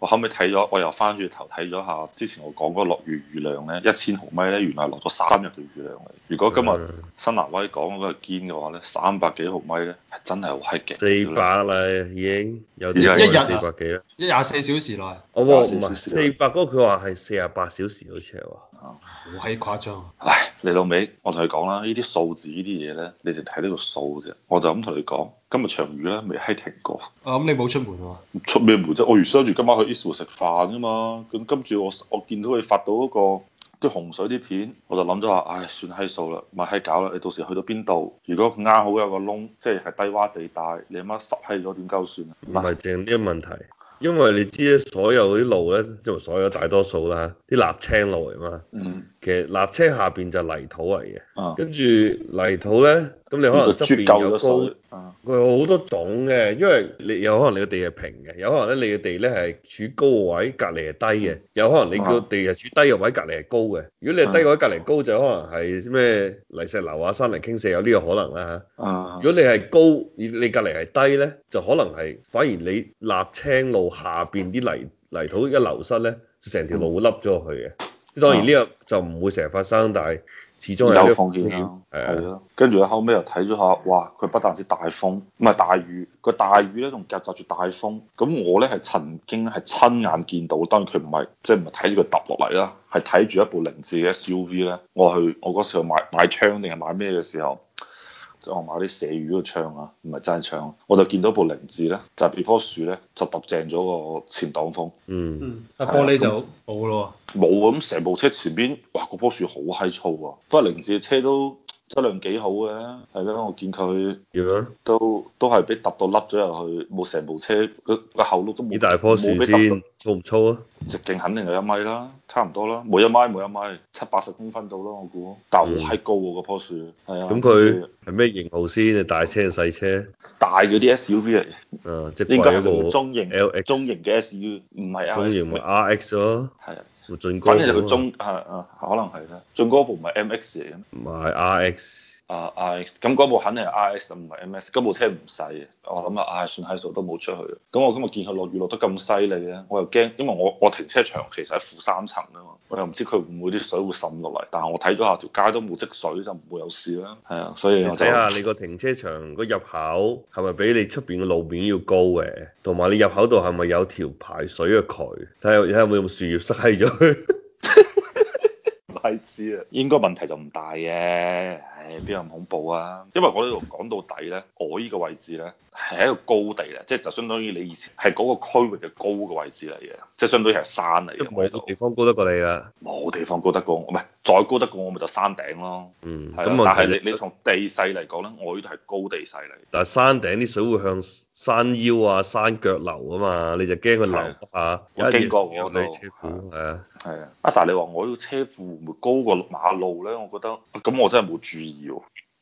我後尾睇咗，我又翻轉頭睇咗下之前我講嗰個落雨雨量咧，一千毫米咧，原來落咗三日嘅雨量。如果今日新南威講嗰個堅嘅話咧，三百幾毫米咧，係真係好勁。四百啦，已經有啲係四百幾啦、啊，一廿四小時內。哦，四百個，佢話係四十八小時好似係話。好閪、啊、誇張、啊唉！你老味，我同你講啦，呢啲數字呢啲嘢咧，你哋睇呢個數啫。我就咁同你講，今日長雨咧，未閪停過。啊，咁、嗯、你冇出門喎？出咩門啫？我預想住今晚去 Eastwood 食飯噶嘛。咁跟住我，我見到你發到嗰、那個啲洪水啲片，我就諗咗話，唉，算閪數啦，咪閪搞啦。你到時去到邊度，如果啱好有個窿，即係係低洼地帶，你阿媽濕閪咗點鳩算啊？唔係正啲問題。因為你知咧，所有啲路咧，就所有大多數啦，啲瀝青路嚟嘛。嗯。其實瀝青下邊就泥土嚟嘅，跟住、啊、泥土呢，咁你可能側邊又高，佢、啊、有好多種嘅，因為你有可能你嘅地係平嘅，有可能咧你嘅地呢係處高位，隔離係低嘅，有可能你個地係處，處低嘅位，隔離係高嘅。如果你係低位隔離高，高，就可能係咩泥石流啊、山泥傾瀉有呢個可能啦、啊啊、如果你係高，你你隔離係低呢，就可能係反而你瀝青路下邊啲泥泥土一流失咧，成條路會凹咗落去嘅。即係當然呢個就唔會成日發生，但係始終有啲風險。係咯，跟住咧後尾又睇咗下，哇！佢不但止大風，唔係大雨，個大雨咧仲夾雜住大風。咁我咧係曾經係親眼見到，當然佢唔係即係唔係睇住佢揼落嚟啦，係睇住一部凌志嘅 SUV 咧，我去我嗰時候買買窗定係買咩嘅時候。即係我買啲蛇魚個窗啊，唔係真係窗，我就見到部凌志咧，就係俾棵樹咧就揼正咗個前擋風。嗯，嗯，啊玻璃就冇咯，冇，咁成部車前。前邊哇，嗰棵樹好閪粗喎，不過凌志嘅車都。質量幾好嘅，係咯，我見佢，點啊，都都係俾揼到凹咗入去，冇成部車，個個後碌都冇，冇俾揼，大棵樹先粗唔粗啊？直徑肯定有一米啦，差唔多啦，每一米，每一米，七八十公分到啦。我估。但係好閪高喎，嗰棵樹。係啊。咁佢係咩型號先？大車定細車？大嗰啲 SUV 嚟嘅？即係貴一個。應該係中型 LX 中型嘅 SUV，唔係啊。中型咪 RX 咯。係。啊、反正就佢中，啊啊，可能係啦，俊哥部唔係 M X 嚟嘅咩？唔係 R X。啊！I 咁嗰部肯定係 I S 啊，唔係 M S。嗰部車唔細我諗啊，I 算喺數都冇出去。咁我今日見佢落雨落得咁犀利咧，我又驚，因為我我停車場其實喺負三層啊嘛，我又唔知佢會唔會啲水會滲落嚟。但係我睇咗下條街都冇積水，就唔會有事啦。係啊，所以我就睇下你個停車場個入口係咪比你出邊嘅路面要高嘅，同埋你入口度係咪有條排水嘅渠？睇下睇下會唔會樹葉塞咗去？唔知啊，應該問題就唔大嘅。誒邊有咁恐怖啊？因為我呢度講到底咧，我呢個位置咧係一個高地嚟，即係就相當於你以前係嗰個區域嘅高嘅位置嚟嘅，即係相當於係山嚟。因係冇地方高得過你啊，冇地方高得過我，唔係再高得過我咪就山頂咯。嗯，咁的但係你其實 你從地勢嚟講咧，我呢度係高地勢嚟。但係山頂啲水會向山腰啊、山腳流啊嘛，你就驚佢流下、啊。我經的、嗯、過我嘅也車庫。係啊。係啊。啊！但係你話我呢個車庫會唔會高過馬路咧？我覺得咁，我真係冇注意。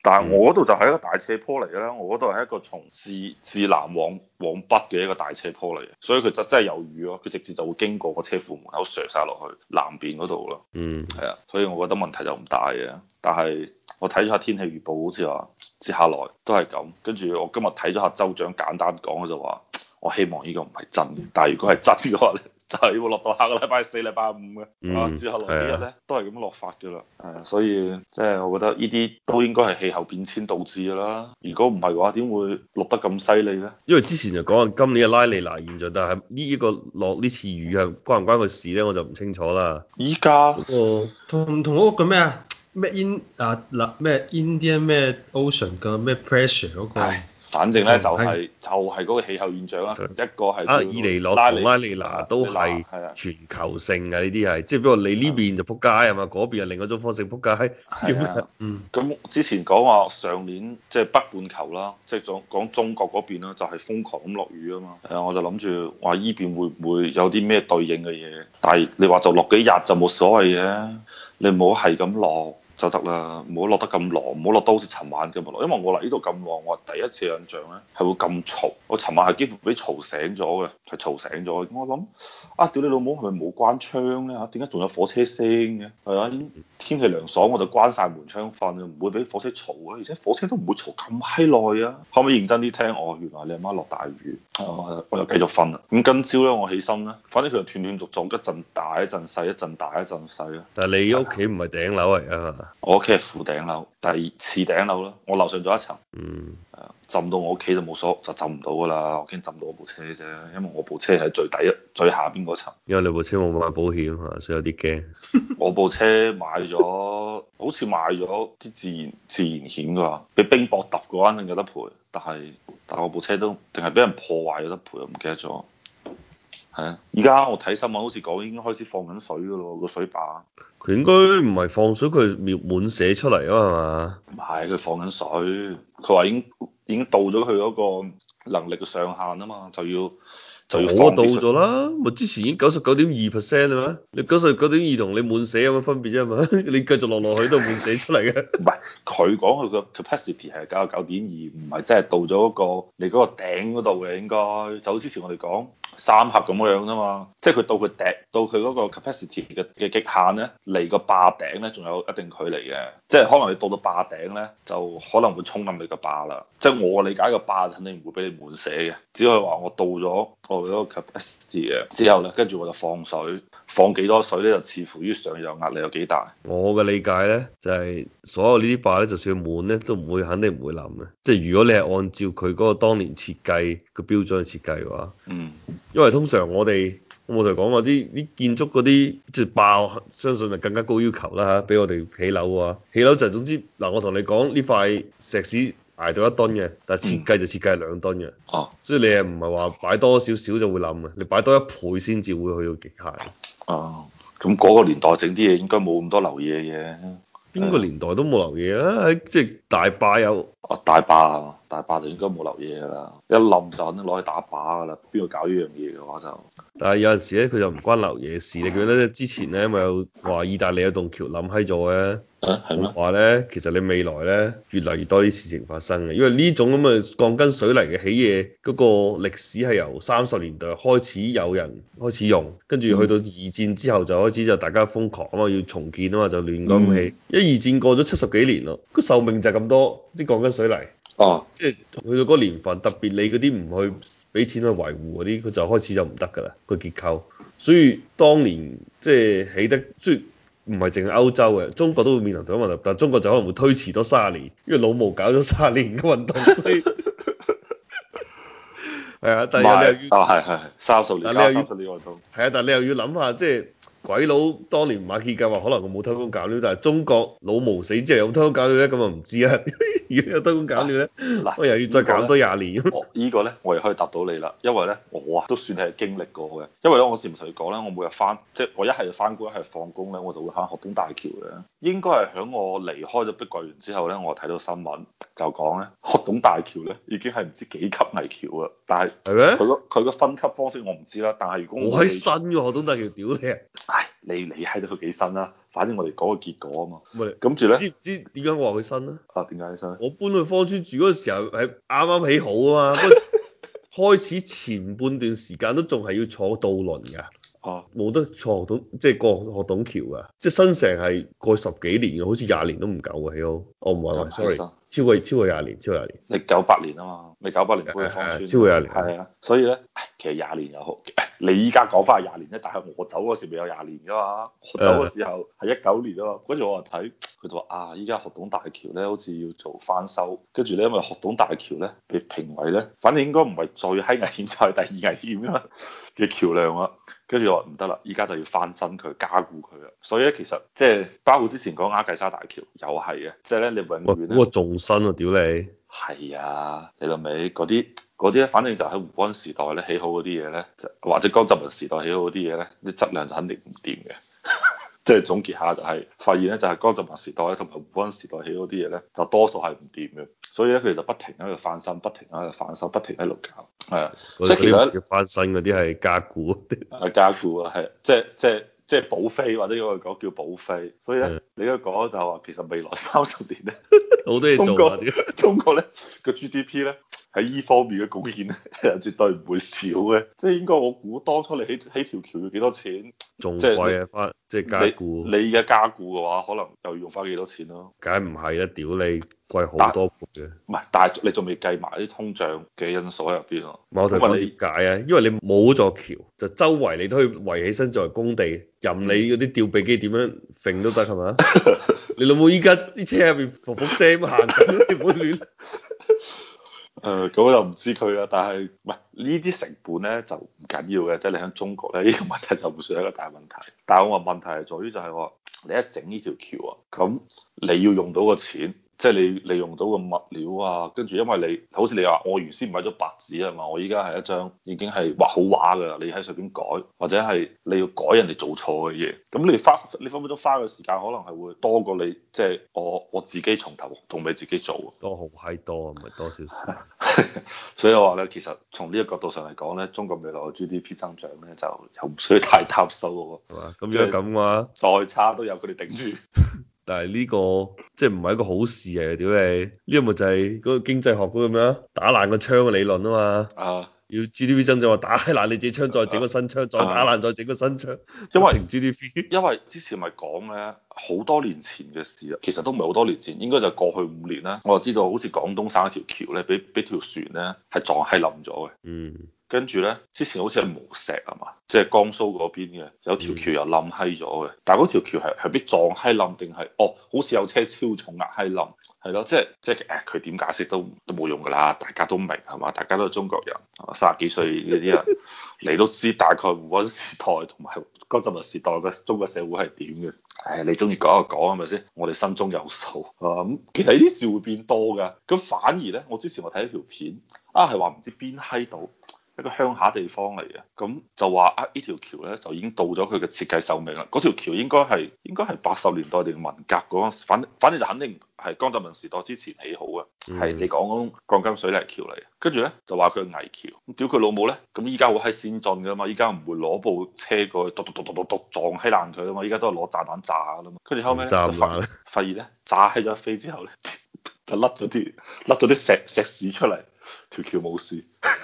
但係我嗰度就係一個大斜坡嚟嘅啦，我嗰度係一個從自自南往往北嘅一個大斜坡嚟嘅，所以佢就真係有雨咯，佢直接就會經過個車庫門口削晒落去南邊嗰度咯。嗯，係啊，所以我覺得問題就唔大嘅。但係我睇咗下天氣預報好，好似話接下來都係咁。跟住我今日睇咗下州長簡單講就話，我希望呢個唔係真嘅。但係如果係真嘅話咧，就係要落到下個禮拜四、禮拜五嘅，啊、嗯，之後落幾日咧，是的 都係咁落法嘅啦。係啊，所以即係、就是、我覺得呢啲都應該係氣候變遷導致嘅啦。如果唔係嘅話，點會落得咁犀利咧？因為之前就講緊，今年嘅拉尼娜現象，但係呢一個落呢次雨係關唔關個事咧，我就唔清楚啦。依家在、那個、同同嗰個叫咩啊，咩 in 啊嗱咩 Indian 咩 Ocean 嘅咩 pressure 嗰、那個。反正咧，就係就係嗰個氣候現象啦。一個係伊尼諾同拉尼娜都係全球性嘅呢啲係，即係不過你呢邊就撲街係嘛，嗰邊係另一種方式撲街。係啊，嗯。咁之前講話上年即係北半球啦，即係講講中國嗰邊啦，就係瘋狂咁落雨啊嘛。誒，我就諗住話呢邊會唔會有啲咩對應嘅嘢？但係你話就落幾日就冇所謂嘅，你冇係咁落。就得啦，唔好落得咁狼，唔好落得好似尋晚咁狼。因為我嚟呢度咁狼，我第一次印象咧係會咁嘈。我尋晚係幾乎俾嘈醒咗嘅，係嘈醒咗。我諗啊，屌你老母，係咪冇關窗咧嚇？點解仲有火車聲嘅？係啊，天氣涼爽我就關晒門窗瞓，唔會俾火車嘈嘅。而且火車都唔會嘈咁閪耐啊。可唔可以認真啲聽？我原來你阿媽落大雨，我又繼續瞓啦。咁今朝咧我起身咧，反正佢就斷斷續續續，一陣大一陣細，一陣大一陣細啊。但係你屋企唔係頂樓嚟啊。 我屋企係負頂樓，但係次頂樓咯。我樓上咗一層，嗯，浸到我屋企就冇所謂，就浸唔到噶啦。我驚浸到我部車啫，因為我部車係最底最下邊嗰層。因為你部車冇買保險啊，所以有啲驚。 我部車買咗，好似買咗啲自然自然險啩，俾冰雹揼嘅話，一定有得賠。但係但係我部車都定係俾人破壞有得賠，唔記得咗。係啊！依家我睇新聞，好似講已經開始放緊水㗎咯，個水壩佢應該唔係放水，佢係滿瀉出嚟啊嘛。唔係佢放緊水，佢話已經已經到咗佢嗰個能力嘅上限啊嘛，就要就要。到咗啦，咪之前已經九十九點二 percent 啊嘛，你九十九點二同你滿瀉有乜分別啫嘛？ 你繼續落落去都滿瀉出嚟嘅。唔係佢講佢個 capacity 係九十九點二，唔係真係到咗嗰個你嗰個頂嗰度嘅，應該就好似之前我哋講。三盒咁樣啫嘛，即係佢到佢頂，到佢嗰個 capacity 嘅嘅極限咧，離個壩頂咧仲有一定距離嘅，即係可能你到到壩頂咧，就可能會衝冧你個壩啦。即係我理解個壩肯定唔會俾你滿寫嘅，只係話我到咗我嗰個 capacity 之後咧，跟住我就放水。放幾多水咧？就似乎於上游壓力有幾大。我嘅理解咧，就係、是、所有呢啲壩咧，就算滿咧，都唔會肯定唔會冧嘅。即、就、係、是、如果你係按照佢嗰個當年設計個標準去設計嘅話，嗯，因為通常我哋我就講過啲啲建築嗰啲即係爆，就是、相信就更加高要求啦嚇。俾我哋起樓嘅話，起樓就是、總之嗱，我同你講呢塊石屎捱到一噸嘅，但係設計就設計係兩噸嘅。哦、嗯，啊、所以你又唔係話擺多少少就會冧嘅，你擺多一倍先至會去到極限。哦，咁嗰個年代整啲嘢應該冇咁多流嘢嘅，邊、哎、個年代都冇流嘢啦，即、就、係、是、大把有，哦、啊、大把、啊。大壩就應該冇留嘢㗎啦，一冧就肯定攞去打靶㗎啦。邊度搞呢樣嘢嘅話就，但係有陣時咧，佢就唔關留嘢事。你記得之前咧，咪有話意大利有棟橋冧喺咗嘅，係咩、啊？話咧，其實你未來咧越嚟越多啲事情發生嘅，因為呢種咁嘅鋼筋水泥嘅起嘢，嗰、那個歷史係由三十年代開始有人開始用，跟住去到二戰之後就開始就大家瘋狂啊嘛，要重建啊嘛，就亂咁起。嗯、一二戰過咗七十幾年咯，個壽命就係咁多啲鋼筋水泥。哦，即係去到嗰年份，特別你嗰啲唔去俾錢去維護嗰啲，佢就開始就唔得㗎喇個結構。所以當年即係、就是、起得，即唔係淨係歐洲嘅，中國都會面臨同樣問題，但係中國就可能會推遲多卅年，因為老毛搞咗卅年嘅運動，所以係 啊，但係你又要係、啊、三十年，你又要係啊，但係你又要諗下即係。鬼佬當年馬歇計劃，可能佢冇偷工減料，但係中國老毛死之後有冇偷工減料咧？咁又唔知啊！ 如果有偷工減料咧，我又要再減多廿年。這個、呢個咧，我又可以答到你啦，因為咧，我啊都算係經歷過嘅。因為咧，我先唔同你講啦，我每日翻即係我一係翻工一係放工咧，我就會行鶴洞大橋嘅。應該係響我離開咗碧桂園之後咧，我睇到新聞就講咧，鶴洞大橋咧已經係唔知幾級危橋啦。但係係咩？佢個佢個分級方式我唔知啦，但係如果我喺新嘅鶴洞大橋屌你你你睇到佢幾新啦、啊？反正我哋講個結果啊嘛。唔係、咁住咧？知唔知點解話佢新咧？啊，點解新？我搬去芳村住嗰時候係啱啱起好啊嘛。 開始前半段時間都仲係要坐渡輪㗎。哦、啊。冇得坐、就是、學懂，即係過學懂橋㗎。即係新城係過十幾年嘅，好似廿年都唔夠嘅起好。我唔話話 s,、嗯、Sorry, 超過超過廿年，超過廿年。你九八年啊嘛，你九八年嘅。係。超過廿年。係啊的的，所以咧，其實廿年又好你依家講翻係廿年啫，但係我走嗰時未有廿年噶嘛。我走嗰時候係一九年啊嘛，跟住我話睇，佢就話啊依家學懂大橋咧，好似要做翻修，跟住咧因為學懂大橋咧被評為咧，反正應該唔係最閪危險，就係第二危險噶啦嘅橋梁啊，跟住我話唔得啦，依家就要翻新佢加固佢啊，所以咧其實即係包括之前講亞細沙大橋又係嘅，即係咧你永遠咧，哇嗰個仲新啊，屌你！係啊，你明唔明？嗰啲嗰啲咧，反正就喺胡安時代咧起好嗰啲嘢咧，或者江澤民時代起好嗰啲嘢咧，啲質量就肯定唔掂嘅。即 係總結下就係、是、發現咧，就係江澤民時代同埋胡安時代起好啲嘢咧，就多數係唔掂嘅。所以咧，佢哋就不停喺度翻新，不停喺度翻修，不停喺度搞。係啊，即其實翻新嗰啲係加固，加固啊，係即即。即即係補飛，或者我哋講叫補飛。所以咧， 你而家講就係話，其實未來三十年咧，好多嘢做中國， 中國咧個 GDP 咧喺依方面嘅貢獻咧，係絕對唔會少嘅。即係應該我估，當初你起起條橋要幾多錢？仲貴啊！翻你即係加固。你而家加固嘅話，可能又要用翻幾多錢咯？梗係唔係啦？屌你！貴好多嘅，唔係，但係你仲未計埋啲通脹嘅因素喺入邊咯。唔係我同你講點解啊，因為你冇咗橋，就周圍你都可以圍起身作為工地，任你嗰啲吊臂機點樣揈都得，係嘛？ 你老母依家啲車入邊噗噗聲行緊， 你唔好亂。誒，咁又唔知佢啦。但係唔係呢啲成本咧就唔緊要嘅，即係你喺中國咧呢、這個問題就唔算一個大問題。但係我話問題係在於就係、是、話、就是、你一整呢條橋啊，咁你要用到個錢。即係你利用到個物料啊，跟住因為你好似你話，我原先買咗白紙啊嘛，我依家係一張已經係畫好畫嘅，你喺上邊改，或者係你要改人哋做錯嘅嘢，咁你花你分分鐘花嘅時間，可能係會多過你即係、就是、我我自己從頭同埋自己做，多好閪多，唔係多少少。所以我話咧，其實從呢一個角度上嚟講咧，中國未來嘅 GDP 增長咧，就又唔需要太擔心喎，係嘛？咁如果咁嘅話，再差都有佢哋頂住。 但係呢個即係唔係一個好事嚟嘅。屌你，呢個咪就係嗰個經濟學嗰個咩啊？打爛個窗嘅理論啊嘛！啊、uh！要 GDP 增長話打爛你自己窗，再整個新窗，再打爛再整個新窗。因為 GDP，因為之前咪講咧，好多年前嘅事啦，其實都唔係好多年前，應該就過去五年啦。我就知道好似廣東省一條橋咧，俾俾條船咧係撞係冧咗嘅。嗯。跟住咧，之前好似係無錫吖嘛，即係、就是、江蘇嗰邊嘅有條橋又冧閪咗嘅。嗯、但係嗰條橋係係俾撞閪冧定係哦？好似有車超重壓閪冧係咯，即係即係誒，佢、哎、點解釋都都冇用㗎啦。大家都明係嘛？大家都係中國人，卅幾歲呢啲人， 你都知大概胡溫時代同埋江澤民時代嘅中國社會係點嘅。誒、哎，你中意講就講係咪先？我哋心中有數啊。咁、嗯、其實呢啲事會變多㗎。咁反而咧，我之前我睇一條片啊，係話唔知邊閪度。一個鄉下地方嚟嘅，咁就話啊，呢條橋咧就已經到咗佢嘅設計壽命啦。嗰條橋應該係應該係八十年代定文革嗰陣時，反正反正就肯定係江澤民時代之前起好嘅，係你講嗰種鋼筋水泥橋嚟嘅，跟住咧就話佢係危橋，屌佢老母咧，咁依家好喺先進㗎嘛，依家唔會攞部車過去，嘟嘟嘟嘟嘟撞起爛佢啦嘛，依家都係攞炸彈炸㗎啦嘛。跟住後尾就發炸發現咧炸起咗一飛之後咧，就甩咗啲甩咗啲石石屎出嚟，條橋冇事。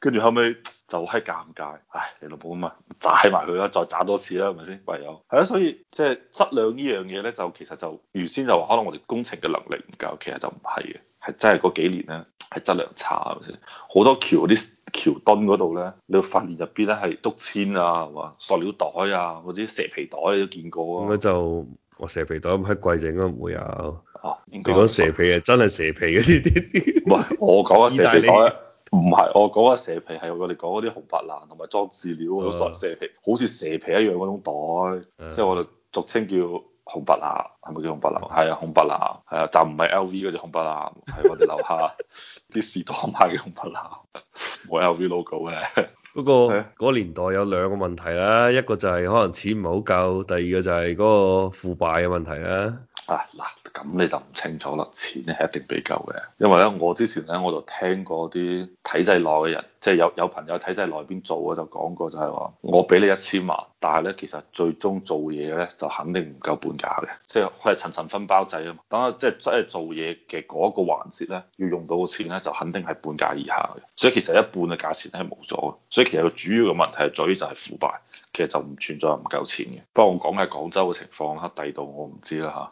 跟住後尾就好閪尷尬、啊，唉，你老母咁啊，炸埋佢啦，再炸多次啦，係咪先？唯有係啊，所以即係質量呢樣嘢咧，就其實、like yes，就原先就話可能我哋工程嘅能力唔夠，其實就唔係嘅，係們工 universe 真係嗰幾年咧係質量差，係咪先？好多橋嗰啲橋墩嗰度咧，你會發現入邊咧係竹籤啊，係嘛 sm NS F 2、er，塑料袋啊，嗰啲蛇皮袋你都見過咁咪就我蛇皮袋咁喺貴整，應唔會有，哦，應你講蛇皮係真係蛇皮嗰啲啲，唔係我講緊，蛇皮袋。唔係，我講嗰蛇皮係我哋講嗰啲紅白藍同埋裝資料嗰種蛇皮，好似蛇皮一樣嗰種袋，的即係我哋俗稱叫紅白藍，係咪叫紅白藍？係啊，紅白藍，係啊，就唔係 L V 嗰隻紅白藍，係我哋樓下啲 士多買嘅紅白藍，冇 L V logo 嘅。不過嗰年代有兩個問題啦，一個就係可能錢唔係好夠，第二個就係嗰個腐敗嘅問題啦。啊嗱、哎。咁你就唔清楚啦，錢係一定俾夠嘅，因為咧，我之前咧我就聽過啲體制內嘅人，即係有有朋友體制內邊做嘅就講過就，就係話我俾你一千萬，但係咧其實最終做嘢咧就肯定唔夠半價嘅，即係佢係層層分包制啊嘛。等下即係即係做嘢嘅嗰個環節咧，要用到嘅錢咧就肯定係半價以下嘅，所以其實一半嘅價錢係冇咗嘅。所以其實個主要嘅問題在於就係腐敗，其實就唔存在唔夠錢嘅。不過我講喺廣州嘅情況啦，第二度我唔知啦嚇。